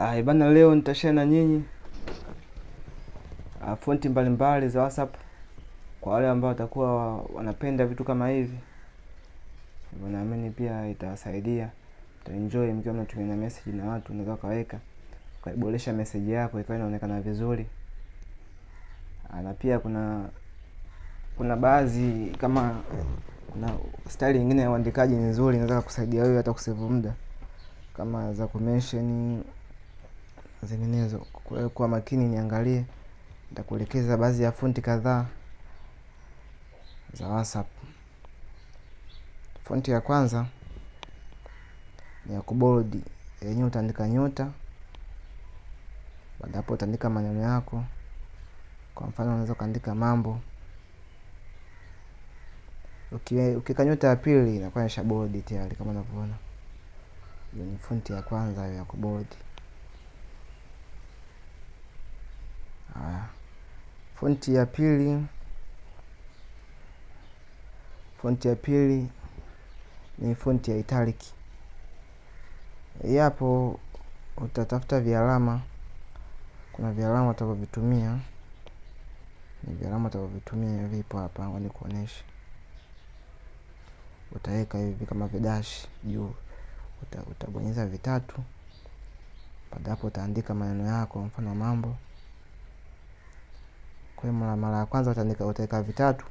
Ah, bana leo nitashare na nyinyi ah, fonti mbalimbali za WhatsApp kwa wale ambao watakuwa wanapenda vitu kama hivi. Hivyo Naamini pia itawasaidia, mtaenjoy mkiwa mnatumia message na watu, unaweza kaweka kaiboresha message yako ikawa inaonekana vizuri. Ah, na pia kuna kuna baadhi kama kuna style nyingine ya uandikaji nzuri, inaweza kusaidia wewe hata kusevu muda kama za kumention zinginezo. Kwa makini niangalie, nitakuelekeza baadhi ya fonti kadhaa za WhatsApp. Fonti ya kwanza ni ya kubold, yenyewe utaandika nyota. Baada hapo utaandika maneno yako, kwa mfano unaweza ukaandika mambo. Ukiweka nyota ya pili inakuwa ishabold tayari, kama unavyoona. Hiyo ni fonti ya kwanza ya kubold. Fonti ya pili, fonti ya pili ni fonti ya italic. Hapo utatafuta vialama, kuna vialama utakavyotumia, ni vialama utakavyotumia vipo hapa, ngoja kuonesha. Utaweka hivi kama vidashi juu, utabonyeza vitatu, baada hapo utaandika maneno yako, mfano mambo kwa hiyo mara ya kwanza utaweka vitatu,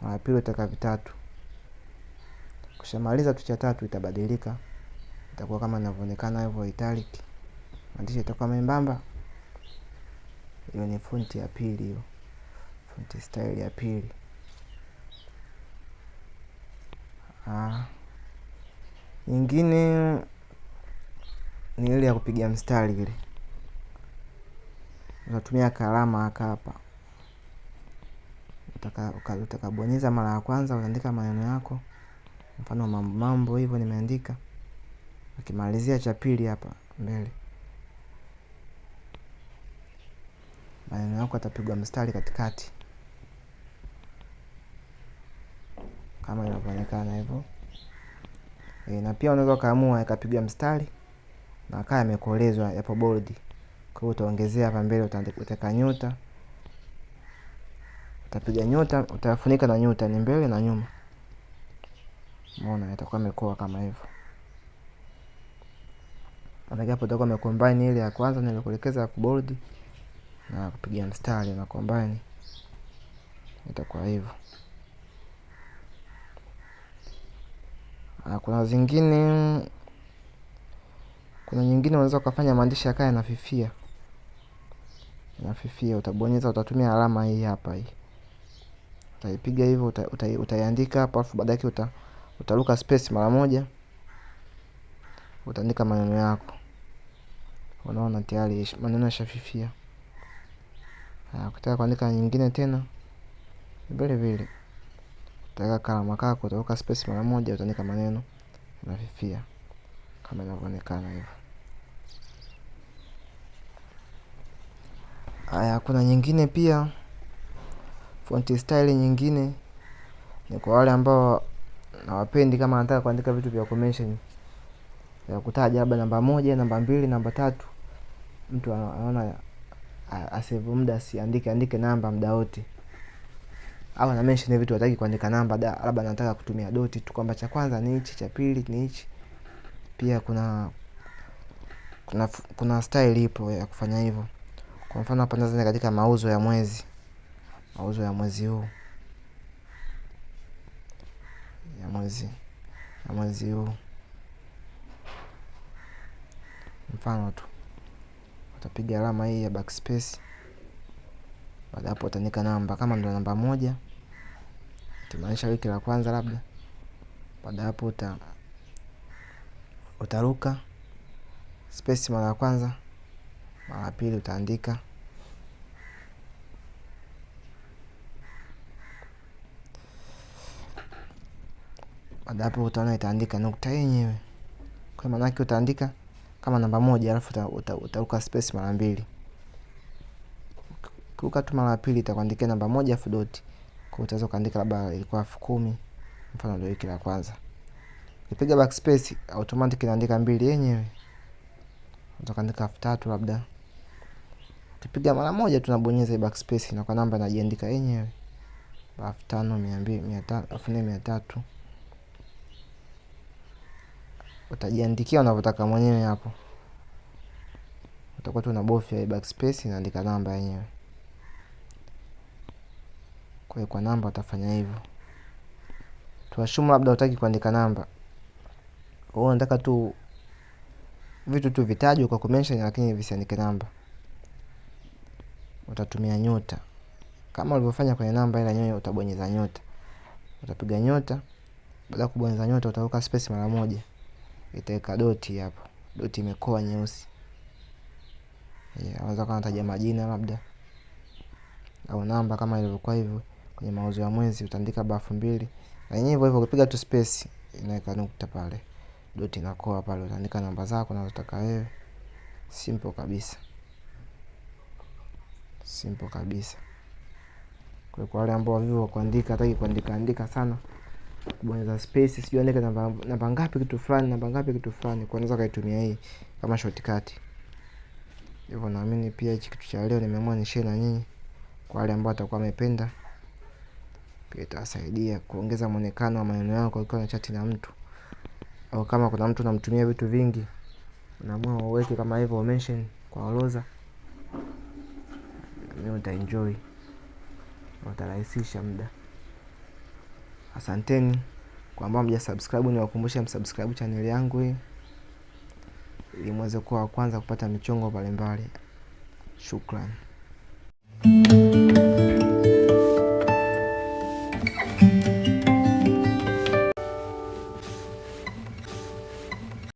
mara ya pili utaweka vitatu. kushamaliza tu cha tatu itabadilika, itakuwa kama inavyoonekana hivyo italic. Maandishi itakuwa membamba. Hiyo ni fonti ya pili, hiyo fonti style ya pili. Ah, nyingine ni ile ya kupiga mstari ile, unatumia kalama hapa hapa utakabonyeza mara ya kwanza utaandika maneno yako, mfano mambo mambo hivyo nimeandika. akimalizia cha pili hapa mbele, maneno yako atapigwa mstari katikati kama inavyoonekana hivyo e, na pia unaweza ukaamua ikapigwa mstari na akaa yamekolezwa yapo bodi Kwa hiyo utaongezea hapa mbele, utaweka nyota utapiga nyota, utafunika na nyota, ni mbele na nyuma. Umeona, itakuwa imekoa kama hivyo. Maanake hapo utakuwa umekombine ile ya kwanza nilikuelekeza ya kubold na kupiga mstari na kombine, itakuwa hivyo. Ah, kuna zingine, kuna nyingine unaweza ukafanya maandishi yakawa yanafifia, yanafifia. Utabonyeza, utatumia alama hii hapa hii utaipiga hivyo uta, uta, utaiandika hapo, alafu baadaye uta, utaruka space mara moja, utaandika maneno yako. Unaona tayari maneno yashafifia. Ukitaka kuandika nyingine tena vile vile, utaweka kalama kako, utaruka space mara moja, utaandika maneno nafifia kama inavyoonekana hivyo. Haya, kuna nyingine pia fonti style nyingine ni kwa wale ambao nawapendi kama anataka kuandika vitu vya kumention vya kutaja labda namba moja, namba mbili, namba tatu. Mtu anaona asevu muda siandike andike namba muda wote. Au na mention vitu hataki kuandika namba, labda nataka kutumia doti tu kwamba cha kwanza ni hichi, cha pili ni hichi. Pia kuna kuna kuna style ipo ya kufanya hivyo. Kwa mfano hapa naweza nikaandika mauzo ya mwezi mauzo ya mwezi huu ya mwezi ya mwezi huu mfano tu utapiga alama hii ya backspace baada hapo utaandika namba kama ndo namba moja kimaanisha wiki la kwanza labda baada hapo uta utaruka space mara ya kwanza mara ya pili utaandika baada hapo utaona itaandika nukta yenyewe. Kwa maana yake utaandika kama namba moja alafu utaruka space mara mbili. Ukiruka tu mara pili itakuandikia namba moja alafu dot. Kwa utaweza kuandika labda ilikuwa elfu kumi mfano ndio hiki la kwanza. Ukipiga backspace automatic inaandika mbili yenyewe. Utaandika elfu tatu labda. Ukipiga mara moja tunabonyeza backspace na kwa namba inajiandika yenyewe. Elfu tano mia mbili mia tatu elfu nne mia tatu utajiandikia unavyotaka mwenyewe hapo. Utakuwa tu unabofya backspace inaandika namba yenyewe. Kwa kwa namba utafanya hivyo. Tuashumu labda utaki kuandika namba, kwa hiyo unataka tu vitu tu vitajwe kwa kumention, lakini visiandike namba. Utatumia nyota kama ulivyofanya kwenye namba, ila nyoyo utabonyeza nyota, utapiga nyota. Baada ya kubonyeza nyota, utaweka space mara moja itaweka doti hapo, doti imekoa nyeusi. Yeah, naweza majina labda au namba kama ilivyokuwa hivyo kwenye mauzo ya mwezi, utaandika bafu mbili na yenyewe hivyo hivyo, ukipiga tu space inaweka nukta pale, doti inakoa pale, utaandika namba zako nazotaka wewe. Simple kabisa, simple kabisa. Kwa wale ambao wavivu kuandika, hataki kuandika andika sana kubonyeza space, sijui andika namba namba ngapi kitu fulani, namba ngapi kitu fulani, kwa unaweza kaitumia hii kama shortcut. Hivyo naamini pia hichi kitu cha leo nimeamua ni share na nyinyi, kwa wale ambao watakuwa wamependa, pia itawasaidia kuongeza muonekano wa maneno yako ukiwa na chati na mtu, au kama kuna mtu unamtumia vitu vingi, unaamua uweke kama hivyo mention kwa orodha, mimi utaenjoy, utarahisisha muda. Asanteni kwa ambao mja subscribe, ni wakumbushe msubscribe channel yangu ili mweze kuwa wa kwanza kupata michongo mbalimbali. Shukrani.